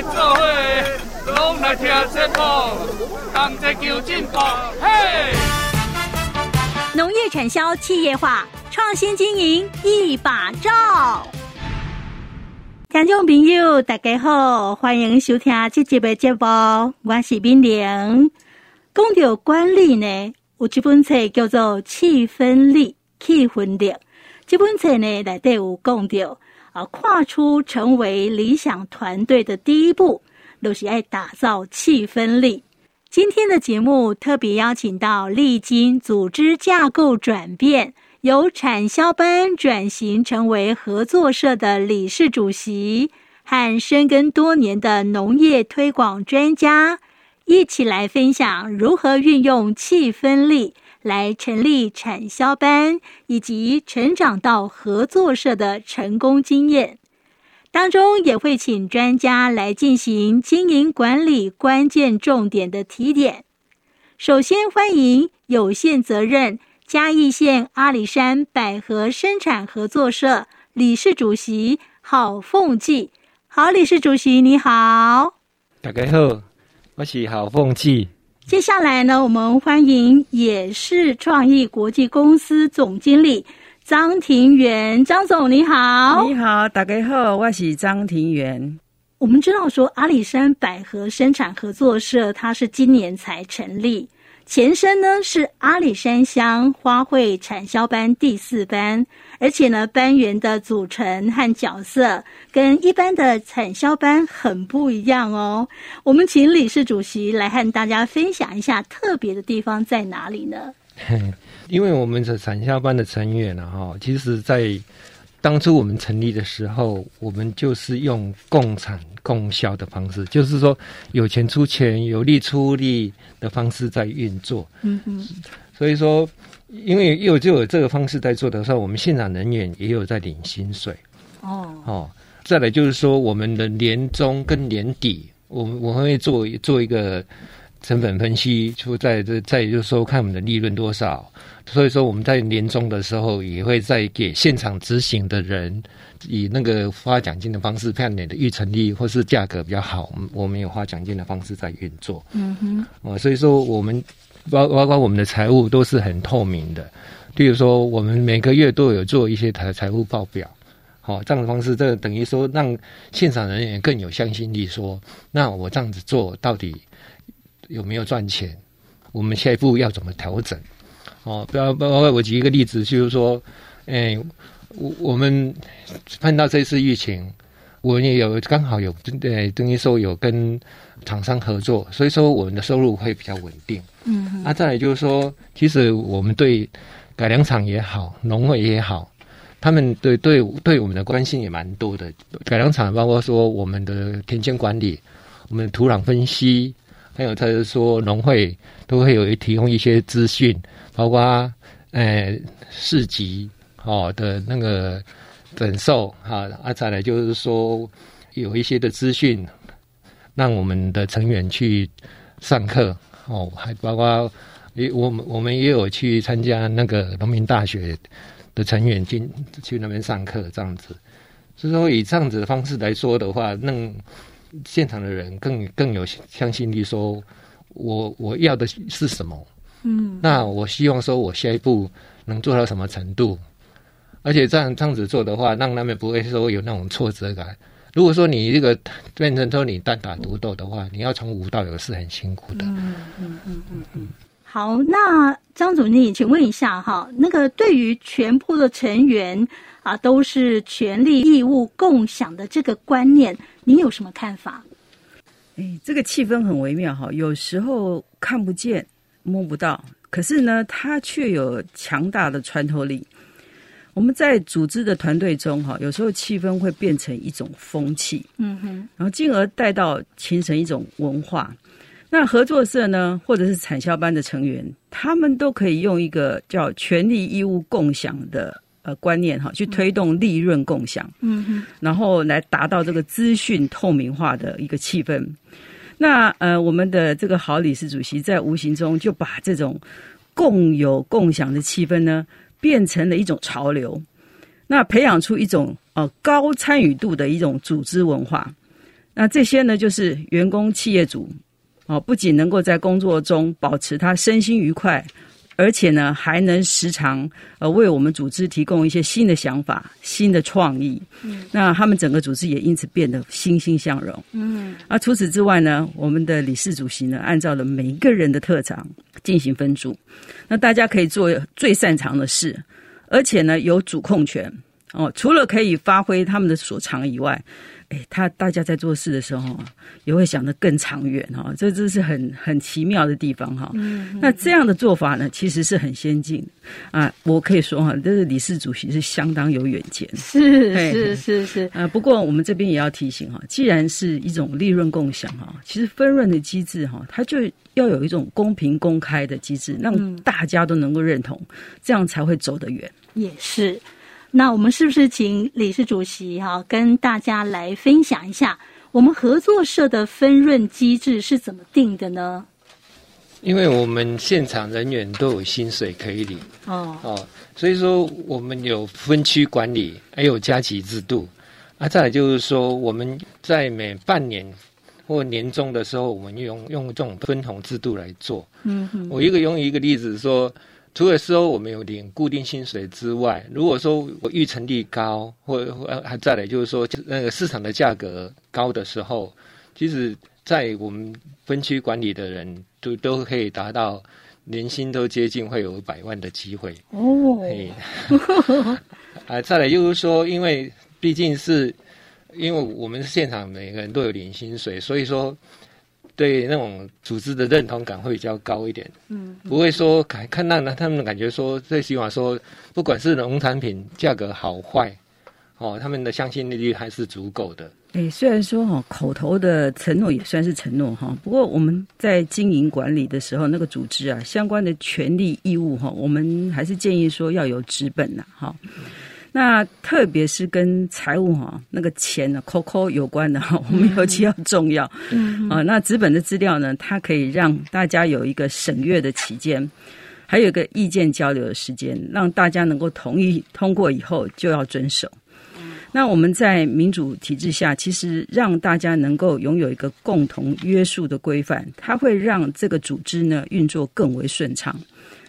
農業產銷企業化，創新經營一把罩。聽眾朋友，大家好，歡迎收聽這集的節目，我是冰玲。講到管理呢，有一本冊叫做氣氛力《氣氛力》，氣氛力。這本冊呢，內底有講到。跨出成為理想團隊的第一步，都是要打造氣氛力。今天的節目特別邀請到歷經組織架構轉變，由產銷班轉型成為合作社的理事主席和深耕多年的農業推廣專家，一起來分享如何運用氣氛力。來成立產銷班以及成長到合作社的成功經驗當中，也會請專家來進行經營管理關鍵重點的提點。首先歡迎有限責任嘉義縣阿里山百合生產合作社理事主席郝鳳霽，郝理事主席你好，大家好，我是郝鳳霽。接下來呢，我們歡迎也思創意國際公司總經理張婷媛，張總你好。你好，大家好，我是張婷媛。我們知道說阿里山百合生產合作社，它是今年才成立，前身呢是阿里山鄉花卉產銷班第四班。而且呢，班員的組成和角色跟一般的產銷班很不一樣哦。我們請理事主席來和大家分享一下特別的地方在哪裡呢？因為我們是產銷班的成員，哈，其實在當初我們成立的時候，我們就是用共產共銷的方式，就是說有錢出錢，有力出力的方式在運作。嗯哼，所以說。因為有就有這個方式在做的時候，我們現場人員也有在領薪水。哦，oh. 哦，再來就是說，我們的年終跟年底，我我們會做做一個成本分析，就在這再就,就是說，看我們的利潤多少。所以說我們在年終的時候，也會再給現場執行的人以那個發獎金的方式，看你的預成立或是價格比較好，我們我們有發獎金的方式在運作。嗯哼、mm，hmm. 哦，所以說我們。包包括我們的財務都是很透明的，比如說，我們每個月都有做一些財財務報表，好、哦，這樣的方式，這等於說讓現場人員更有向心力，說，那我這樣子做到底有沒有賺錢？我們下一步要怎麼調整？哦，包包括我舉一個例子，就是說，嗯、欸，我我們碰到這次疫情。我也有剛好有，呃，等於說有跟廠商合作，所以說我們的收入會比較穩定。嗯哼，啊，再來就是說，其實我們對改良廠也好，農會也好，他們對對對我們的關心也蠻多的。改良廠包括說我們的田間管理、我們的土壤分析，還有就是說農會都會有提供一些資訊，包括呃市集哦，的那個。粉受啊，啊，再來就是說有一些的資訊，讓我們的成員去上課哦，還包括也我們我們也有去參加那個農民大學的成員進去，去那邊上課這樣子，所以說以這樣子的方式來說的話，那現場的人更更有向心力說，說我我要的是什麼？嗯，那我希望說我下一步能做到什麼程度？而且這樣這樣子做的話，讓他們不會說有那種挫折感。如果說你這個變成說你單打獨鬥的話，你要從無到有是很辛苦的。嗯嗯嗯嗯嗯，嗯嗯嗯好，那張總經理，你請問一下哈，那個對於全部的成員啊，都是權利義務共享的這個觀念，你有什麼看法？哎、欸，這個氣氛很微妙哈，有時候看不見摸不到，可是呢，他卻有強大的穿透力。我們在組織的團隊中，哈，有時候氣氛會變成一種風氣，嗯哼，然後進而帶到形成一種文化。那合作社呢，或者是產銷班的成員，他們都可以用一個叫“權利義務共享”的呃觀念，哈，去推動利潤共享，嗯哼，然後來達到這個資訊透明化的一個氣氛。那呃，我們的這個郝理事主席，在無形中就把這種共有共享的氣氛呢，變成了一種潮流，那培養出一種呃高參與度的一種組織文化，那這些呢，就是員工、企業主，啊、呃，不僅能夠在工作中保持他身心愉快。而且呢，還能時常呃為我們組織提供一些新的想法、新的創意。嗯，那他們整個組織也因此變得欣欣向榮。嗯，嗯，而、啊、除此之外呢，我們的理事主席呢，按照了每一個人的特長進行分組，那大家可以做最擅長的事，而且呢有主控權哦。除了可以發揮他們的所長以外。哎，他大家在做事的時候也會想得更長遠哈。這真是很很奇妙的地方哈，嗯。嗯，那這樣的做法呢，其實是很先進啊。我可以說哈，這個理事主席是相當有遠見。是是是是啊，嗯。不過我們這邊也要提醒哈，既然是一種利潤共享哈，其實分潤的機制哈，它就要有一種公平公開的機制，讓大家都能夠認同，這樣才會走得遠。嗯，也是。那我們是不是請理事主席哈、啊、跟大家來分享一下，我們合作社的分潤機制是怎麼定的呢？因為我們現場人員都有薪水可以領哦哦，所以說我們有分區管理，還有加級制度啊。再來就是說，我們在每半年或年終的時候，我們用用這種分紅制度來做。嗯哼、嗯，我一個用一個例子說。除了說我們有領固定薪水之外，如果說我育成率高，或呃，還再來就是說那個、呃、市場的價格高的時候，其實，在我們分區管理的人都都可以達到年薪都接近會有百萬的機會哦。啊嘿、 呃，再來就是說，因為畢竟是因為我們現場每個人都有領薪水，所以說。對那種組織的認同感會比較高一點，嗯，嗯不會說看看到呢，他們感覺說，最起碼說，不管是農產品價格好壞，哦，他們的相信利率還是足夠的。哎、欸，雖然說哈，口頭的承諾也算是承諾哈，不過我們在經營管理的時候，那個組織啊，相關的權利義務哈，我們還是建議說要有資本吶、啊，哈。那特別是跟財務哈，那個錢的扣扣有關的哈，我們尤其要重要。嗯啊，那紙本的資料呢，它可以讓大家有一個審閱的期間，還有一個意見交流的時間，讓大家能夠同意通過以後就要遵守。 那我們在民主體制下，其實讓大家能夠擁有一個共同約束的規範，它會讓這個組織呢運作更為順暢。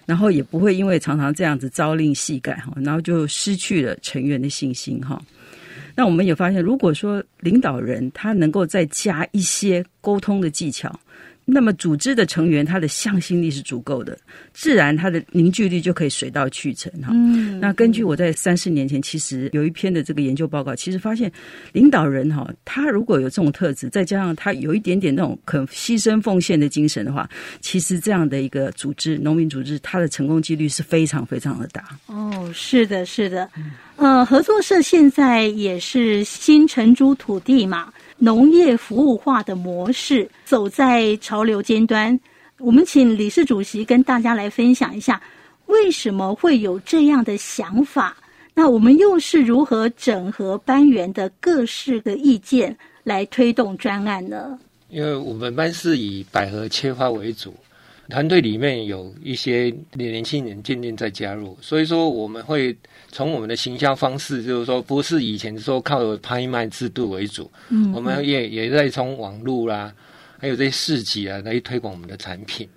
然後也不會因為常常這樣子朝令夕改哈，然後就失去了成員的信心哈。那我們也發現，如果說領導人他能夠再加一些溝通的技巧。那麼組織的成員，他的向心力是足夠的，自然他的凝聚力就可以水到渠成哈。嗯，那根據我在三四年前，其實有一篇的這個研究報告，其實發現領導人哈，他如果有這種特質，再加上他有一點點那種肯犧牲奉獻的精神的話，其實這樣的一個組織，農民組織，他的成功幾率是非常非常的大。哦，是的，是的。嗯。呃，合作社現在也是新承租土地嘛，農業服務化的模式走在潮流尖端。我們請理事主席跟大家來分享一下，為什麼會有這樣的想法？那我們又是如何整合班員的各式的意見來推動專案呢？因為我們班是以百合切花為主。團隊裡面有一些年輕人漸漸在加入，所以說我們會從我們的行銷方式，就是說不是以前說靠拍賣制度為主，嗯，我們也也在從網絡啦、啊，還有這些市集啊來推廣我們的產品，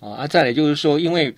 啊，再來就是說，因為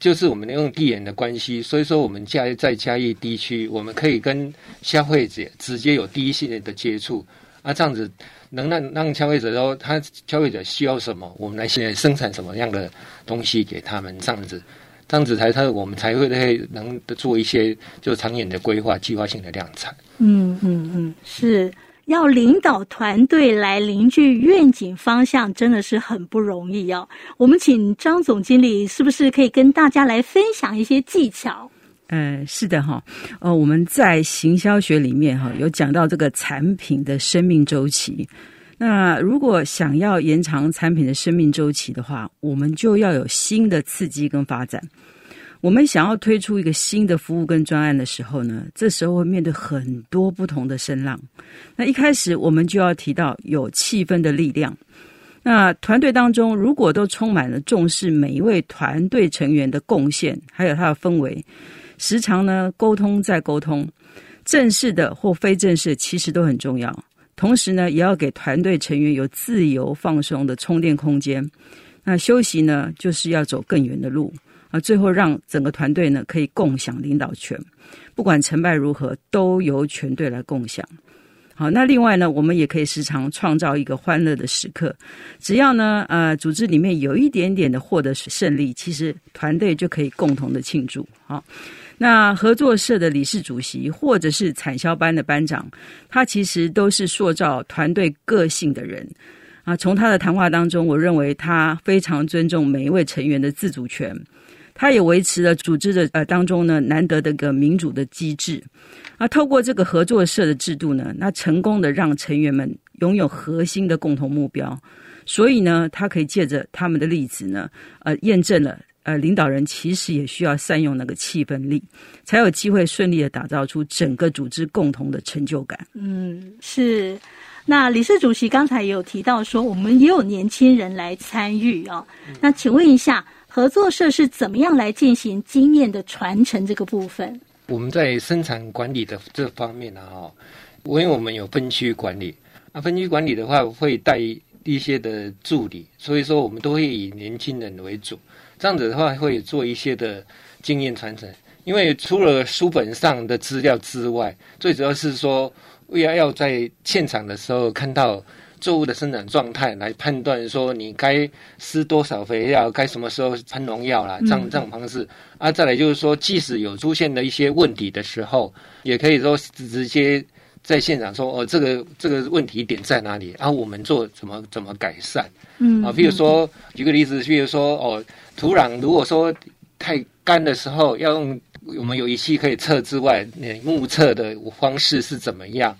就是我們用地緣的關係，所以說我們在在嘉義地區，我們可以跟消費者直接有第一線的接觸。啊，這樣子能讓讓消費者都，他消費者需要什麼，我們來現在生產什麼樣的東西給他們。這樣子，這樣子才他我們才會在能做一些就長遠的規劃、計劃性的量產。嗯嗯嗯，是要領導團隊來凝聚願景方向，真的是很不容易哦。我們請張總經理，是不是可以跟大家來分享一些技巧？呃，是的哈，呃、哦，我們在行銷學裡面哈、哦，有講到這個產品的生命週期。那如果想要延長產品的生命週期的話，我們就要有新的刺激跟發展。我們想要推出一個新的服務跟專案的時候呢，這時候會面對很多不同的聲浪。那一開始我們就要提到有氣氛的力量。那團隊當中如果都充滿了重視每一位團隊成員的貢獻，還有他的氛圍。時常呢，溝通再溝通，正式的或非正式，其實都很重要。同時呢，也要給團隊成員有自由放鬆的充電空間。那休息呢，就是要走更遠的路啊。最後，讓整個團隊呢，可以共享領導權，不管成敗如何，都由全隊來共享。好，那另外呢，我們也可以時常創造一個歡樂的時刻。只要呢，呃，組織裡面有一點點的獲得勝利，其實團隊就可以共同的慶祝。好。那合作社的理事主席，或者是產銷班的班長，他其實都是塑造團隊個性的人啊。從他的談話當中，我認為他非常尊重每一位成員的自主權，他也維持了組織的呃當中呢難得的一個民主的機制啊。透過這個合作社的制度呢，那成功的讓成員們擁有核心的共同目標，所以呢，他可以借着他們的例子呢，呃，驗證了。呃，領導人其實也需要善用那個氣氛力，才有機會順利的打造出整個組織共同的成就感。嗯，是。那理事主席剛才也有提到說，我們也有年輕人來參與啊、哦。那請問一下，合作社是怎麼樣來進行經驗的傳承這個部分？我們在生產管理的這方面呢，哈，因為我們有分區管理，啊，分區管理的話會帶一些的助理，所以說我們都會以年輕人為主。這樣子的話，會做一些的經驗傳承。因為除了書本上的資料之外，最主要是說，要要在現場的時候看到作物的生長狀態，來判斷說你該施多少肥料，該什麼時候噴農藥啦。這樣這種方式。嗯。啊，再來就是說，即使有出現的一些問題的時候，也可以說直接，在現場說哦，這個這個問題點在哪裡？然後，啊，我們做怎麼怎麼改善？嗯啊，比如說舉個例子，譬如說哦，土壤如果說太乾的時候，要用我們有儀器可以測之外，目測的方式是怎麼樣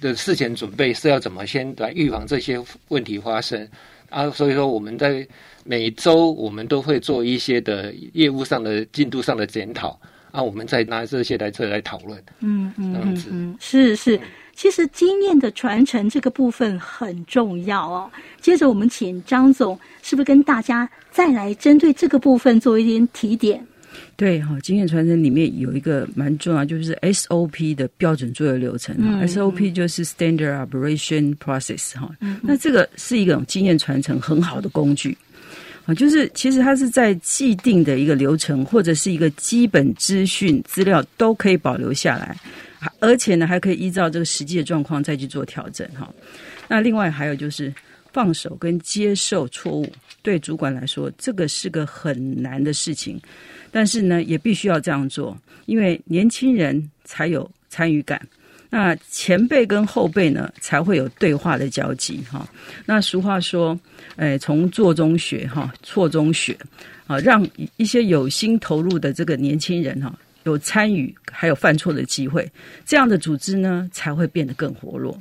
的？事前準備是要怎麼先來預防這些問題發生？啊，所以說我們在每周我們都會做一些的業務上的進度上的檢討。那、啊、我們再拿這些台車來討論，嗯。嗯嗯嗯，是是,其實經驗的傳承這個部分很重要哦。接着我們請張總，是不是跟大家再來針對這個部分做一點提點？對哈，經驗傳承裡面有一個蠻重要，就是 SOP 的標準作業流程。嗯、SOP 就是 Standard Operation Process 哈、嗯。那這個是一種經驗傳承很好的工具。就是，其實它是在既定的一個流程，或者是一個基本資訊資料都可以保留下來，而且呢，還可以依照這個實際的狀況再去做調整哈。那另外還有就是放手跟接受錯誤，對主管來說，這個是個很難的事情，但是呢，也必須要這樣做，因為年輕人才有參與感。那前輩跟後輩呢，才會有對話的交集哈。那俗話說，哎，從做中學哈，錯中學啊，讓一些有心投入的這個年輕人哈，有參與還有犯錯的機會，這樣的組織呢，才會變得更活絡。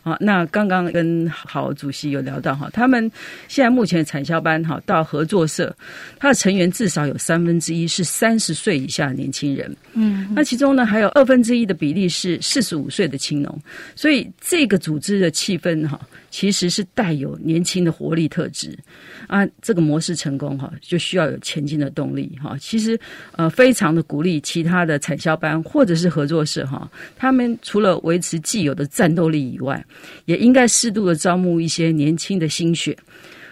好，啊，那剛剛跟郝主席有聊到哈，他們現在目前的產銷班哈到合作社，他的成員至少有三分之一是三十歲以下的年輕人，嗯，那其中呢還有二分之一的比例是四十五歲的青農，所以這個組織的氣氛哈其實是帶有年輕的活力特質啊。這個模式成功哈，就需要有前進的動力哈。其實呃，非常的鼓勵其他的產銷班或者是合作社哈，他們除了維持既有的戰鬥力以外。也應該適度的招募一些年輕的新血，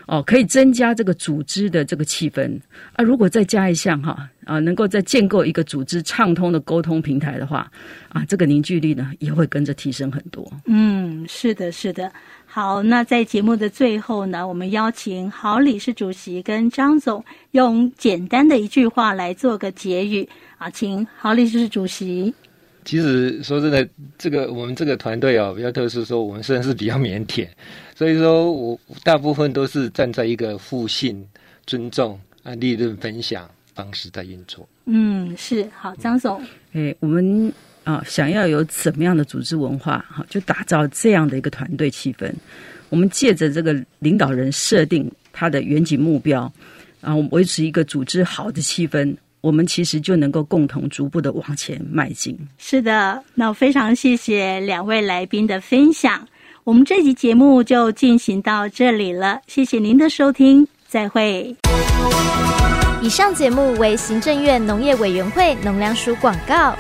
哦，可以增加這個組織的這個氣氛。啊，如果再加一項哈，啊，能夠再建構一個組織暢通的溝通平台的話，啊，這個凝聚力呢也會跟着提升很多。嗯，是的，是的。好，那在節目的最後呢，我們邀請郝理事主席跟張總用簡單的一句話來做個結語啊，請郝理事主席。其實說真的，這個我們這個團隊哦、啊，比較特殊，說我們雖然是比較靦腆，腆，所以說我大部分都是站在一個互信、尊重啊、利潤分享方式在運作。嗯，是，好，張總，哎、嗯，okay, 我們啊，想要有怎麼樣的組織文化？哈，就打造這樣的一個團隊氣氛。我們借着這個領導人設定他的遠景目標，啊，我維持一個組織好的氣氛。我們其實就能夠共同逐步的往前邁進。是的，那我非常謝謝兩位來賓的分享。我們這集節目就進行到這裡了，謝謝您的收聽，再會。以上節目為行政院農業委員會農糧署廣告。